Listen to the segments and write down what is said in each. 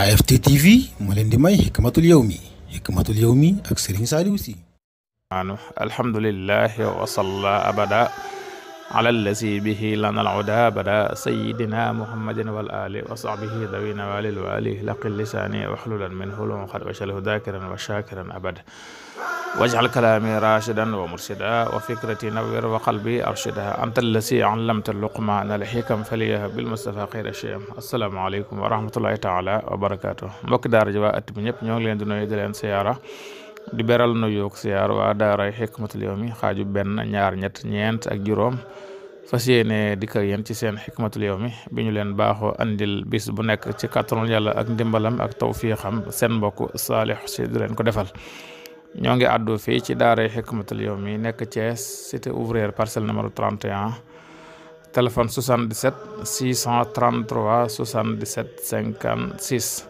AFT TV moo leen di may xikmatul yawmi xikmatul yawmi ak Serigne Saliou Sy maanu alhamdulillahi wa salla abada ala allazi bihi lana al-huda abada sayyidina muhammadin wal ali wa sahbihi dawina walil wali laqil lisani waxlulan min hulum xad washalhu dakiran wa shakiran abada wajal kalaami rashidan wa murshida wa fikrati nawwir wa qalbi arshida anta allasi allamta luqmaana alxikam faliyaha bil mustafa xayra shayam assalaamu aleykum wa rahmatullahi taala wa barakaatu mbokki daara ji waa at bi ñëpp ñoo ngi leen di nuyu di leen siyaara di beral nuyoo ak siyaar waa daaray xikmatul yawmi xaaju benn ñaar ñett ñeent ak juróom fas yéene dikk ak yéen ci seen xikmatul yawmi bi ñu leen baaxoo andil bis bu nekk ci kàttanul yàlla ak ndimbalam ak tawfiixam seen mbokk saalix si di leen ko defal ñoo ngi àddu fii ci daaray Hikmatul Yawmi nekk Thiès cité ouvrière parcelle numéro 31 téléphone 77 633 77 56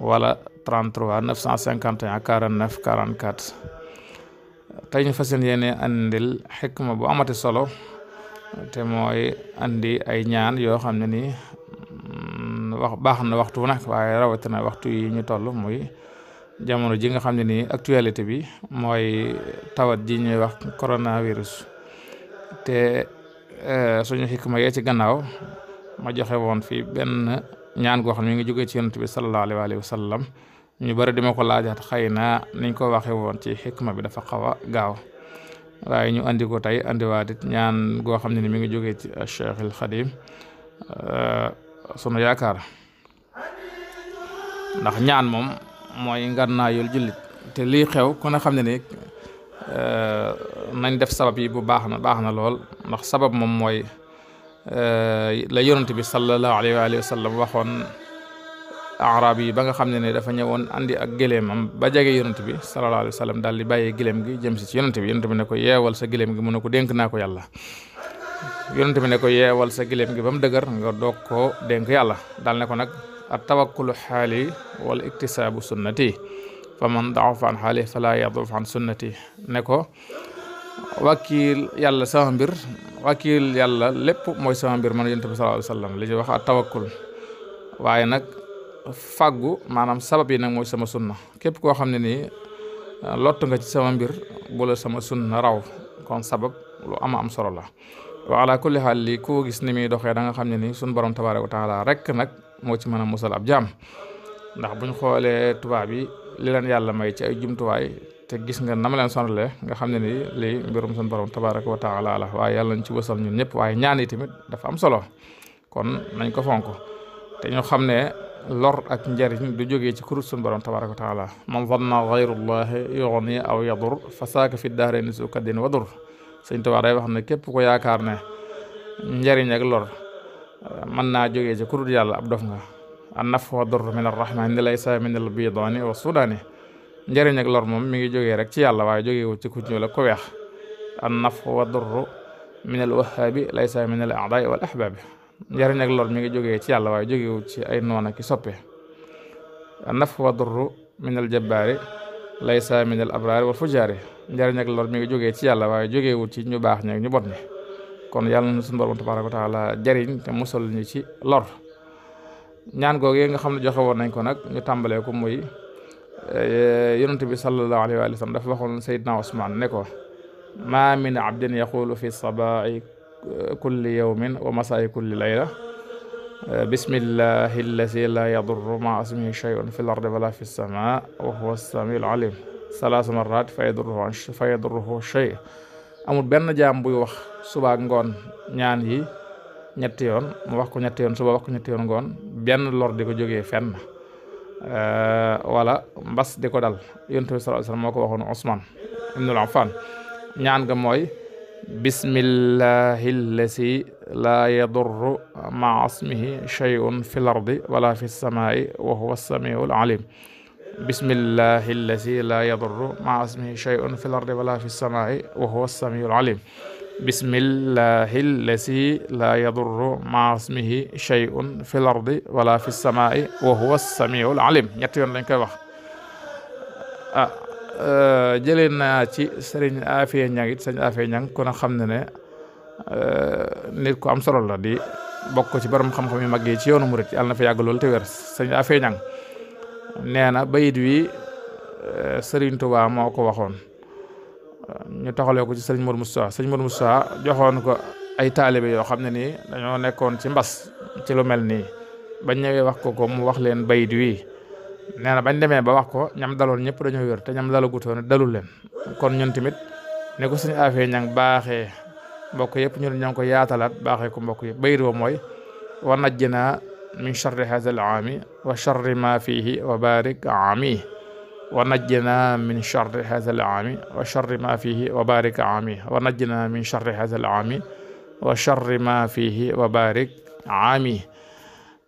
wala 33 951 49 44 tey ñu fas yéene andil xikma bu amati solo te mooy andi ay ñaan yoo xam ne nii mm, wax baax na waxtu bu nekk waaye rawatina waxtu yi ñu toll muy. jamono ji nga xam ne nii actualité bi mooy tawat ji ñuy wax coronavirus te eh, suñu xikma yee ci gannaaw ma joxe woon fii benn ñaan goo xam ne ngi jógee ci yonent bi sallallahu alayhi wa sallam ñu bari dima ko laajaat xëy na niñ ko waxe woon ci xikma bi dafa xaw a gaaw waaye ñu andi ko tey andiwaat ñaan goo xam ne ni mi ngi jógee ci Cheikh al Xadim eh, sunu yaakaar ndax ñaan moom mooy ngànnaayul jullit te lii xew ku ne xam ne ni euh, nañ def sabab yi bu baax na baax na lool ndax sabab moom mooy euh, la yonent bi sallallahu alayhi wa sallam waxoon arab yi ba nga xam ne ne dafa ñëwoon andi ak gëléemam ba jege yonent bi sallallahu alayhi wa daal di bàyyee gëléem gi jëm si ci yonent bi yonent bi ne ko yeewal sa gëléem gi mu ne ko dénk naa ko yàlla bi ne gi ba mu dëgër nga doog koo dénk yàlla daal ne ko nag التوكل حالي والاكتساب سنتي فمن ضعف عن حالي فلا يضعف عن سنتي نكو wakiil yàlla sama mbir wakiil yàlla lépp mooy sama mbir man yonent bi sallallahu alayhi li ci wax a tawakkul waaye nag fàggu maanaam sabab yi nag mooy sama sunna képp koo xam ne nii lot nga ci sama mbir bu la sama sunna raw kon sabab lu ama am solo la wa ala kulli haal li koo gis ni muy doxee da xam ne nii sun borom tabaaraka wa taala rek nag moo ci mën a musal ab jaam ndax buñ xoolee tubaab yi li leen yàlla may ci ay jumtuwaay te gis nga nama leen sonale nga xam ne nii lii mbirum sun borom tabaraka wa taala la waaye yàlla ñu ci wasal ñun ñëpp waaye ñaan yi tamit dafa am solo kon nañ ko fonk te ñu xam ne lor ak njariñ du jógee ci kurut sun borom tabaraka wa taala man zanna gayrullahi yughni aw yadur fa saaka fi daarayni suukaddin wadur sëñ Tuubaa day wax ne képp ko yaakaar ne njariñ ak mën naa jógee ci kurut yàlla ab dof nga an naf wa dur min arrahman ni lay sa min al bidaani wa sudaani njëriñ lor moom mi ngi jógee rek ci yàlla waaye jógeewu ci ku ñuul ak ku weex an naf wa dur min al wahaabi laysa min al aadaai wal ahbaabi njëriñ ak lor mi ngi jógee ci yàlla waaye jógeewu ci ay noon ak i soppe an naf wa dur min al jabbaari laysa min al abraari wal fujaari njëriñ ak lor mi ngi jógee ci yàlla waaye jógeewu ci ñu baax ñi ñu bon kon yàlla na suñu borom tabaaraka wa taala te musal ñu lor ñaan ko nga xam ne joxe woon nañ ko nag ñu tàmbalee ko muy eh, yonent bi sallallahu alayhi wa sallam dafa waxoon Seydina Ousmane ma min abdin yaqulu fi sabaa'i kulli yawmin wa masaa'i kulli layla eh, bismillahi allazi la yadurru ma ismihi shay'un fi l ardi fi sama wa huwa samiul alim salaasa marat fa yadurruhu fa yadurruhu shay amul benn jaam buy wax suba ak ngoon ñaan yi ñetti yoon mu wax ko ñetti yoon suba wax ko ñetti ngoon benn lor di ko jógee euh, wala mbas di ko dal yonent bi sallallahu alayhi wasallam moo ko waxoon Usmaan ibnul ñaan nga mooy bismillahi llasi laa yadurru maa asmihi shay'un fil wala fis samaa'i wa huwa as-sami'ul bismillahi allazi laa yadurru maa ismihi shay'un fil ardi wala fis samaa'i wa huwa as-samii'ul aliim bismillahi allazi laa yadurru maa ismihi shay'un fil ardi wala fis samaa'i wa huwa as-samii'ul aliim ñett yoon lañ koy wax ah euh, jëlee ci sëriñ Afiya Ñang it sëriñ Afiya Ñang ku na xam ne euh, nit ku am solo la di bokk ci borom xam-xam yu mag yi ci yoonu murit yàlla na fa yàgg lool te wér sëriñ Afiya Ñang nee na bayit wi eh, Serigne Touba moo ko waxoon ñu taxalee ko ci sëriñ Mor Moustapha sëriñ Mor Moustapha joxoon ko ay taalibe yoo xam ne nii dañoo nekkoon ci mbas ci lu nii bañ ñëwee wax ko ko mu wax leen bayit wi nee na bañ demee ba wax ko ñam daloon ñëpp dañoo wér te ñam dalagutoon dalul leen kon ñun tamit ne ko suñu affaire ñang baaxe mbokk yëpp ñun ñoo ko yaatalaat baaxee ko mbokk yëpp bayit wa mooy war najjinaa min charri hada al aami wa charri ma fihi wa barik aami wa najjina min charri hada al aami wa charri ma fihi wa barik aami wa najjina min charri hada al aami wa charri ma fihi wa barik aami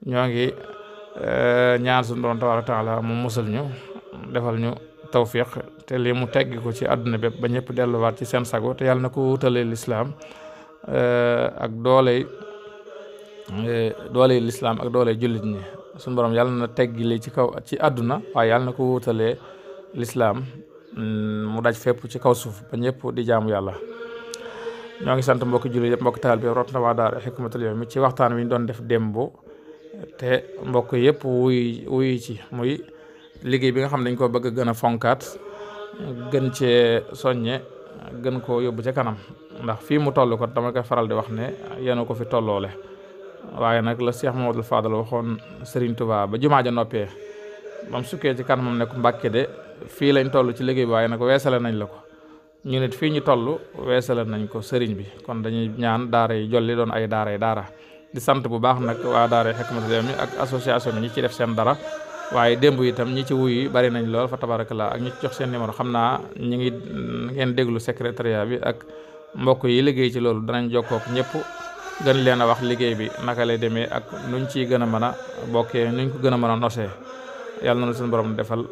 ñoo ngi euh, ñaan suñu doon tabaaraka taala mu musal ñu defal ñu tawfiq te li mu tegg ko ci àdduna be ba ñëpp delluwaat ci seen sago te yàlla na ko wutale lislaam euh, ak doole Hmm. Eh, doole lislaam ak doole jullit ñi suñ borom yàlla na teggi li ci kaw ci àdduna waaye yàlla na ko wóotalee lislaam mm, mu daj feppu ci kaw suuf ba ñëpp di jaamu yàlla ñoo ngi sant mbokki jullit yëpp mbokki taal bi rot na waa daara Hikmatul Yawmi ci waxtaan wi ñu doon def démb te mbokk yëpp wuy wuy ci muy liggéey bi nga xam ne dañ koo bëgg gën a fonkaat gën cee soññe gën koo yóbbu ca kanam ndax fii mu toll ko dama koy faral di wax ne yéen ko fi tolloole waaye nag la Cheikh Mamadou Fadal waxoon Serigne Touba ba jumaa ja noppee bam sukkee ci kanamam ne ko Mbàkke de fii lañ toll ci liggéey bi waaye nag weesale nañ la ko ñu nit fii ñu toll weesale nañ ko sëriñ bi kon dañuy ñaan daara yi jolli doon ay daara yi daara di sant bu baax nag waa daara Hikmatul Yawmi ak association bi ñi ci def seen dara waaye démb itam ñi ci wuyu bari nañ lool fa tabarakallah ak ñi ci jox seen numéro xam naa ñu ngi ngeen déglu secrétariat bi ak mbokk yi liggéey ci loolu danañ jokkoo ñëpp gën leen a wax liggéey bi naka lay demee ak nuñ ciy gën a mën a bokkee nuñ ko gën a mën a nosee yàlla na la suñu borom defal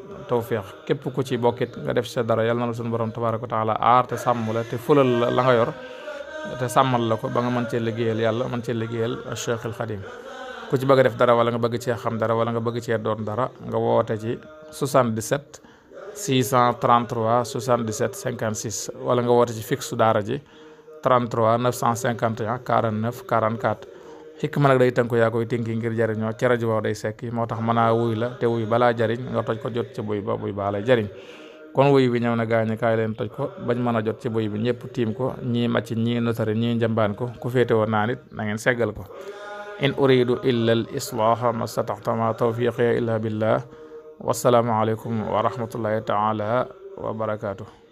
feex képp ku ci bokkit nga def sa dara yàlla na la suñu borom tabaaraka wa taala aar te sàmm la te fulal la la nga yor te sàmmal la ko ba nga mën cee liggéeyal yàlla mën cee liggéeyal Cheikh al Xadim ku ci bëgg def dara wala nga bëgg cee xam dara wala nga bëgg cee doon dara nga woote ci 77 633 77 56 wala nga woote ci fixe daara ji 33 951 49 44 xikma nag day tënku yaa koy tënki ngir jariñoo ci rajo boobu day sekki moo tax mana a wuy la te wuy balaa jariñ nga toj ko jot ci buy ba buy baa lay jariñ kon wuy bi ñëw na gaañi ka leen toj ko bañ mën a jot ci buy bi ñëpp tiim ko ñii màcc ñii notari ñii njambaan ko ku féete woon naa nit na ngeen seggal ko in uridu illa al islaaha mastataxtama tawfiqiya illa billah wasalaamu aleykum wa rahmatullahi taala wa barakaatu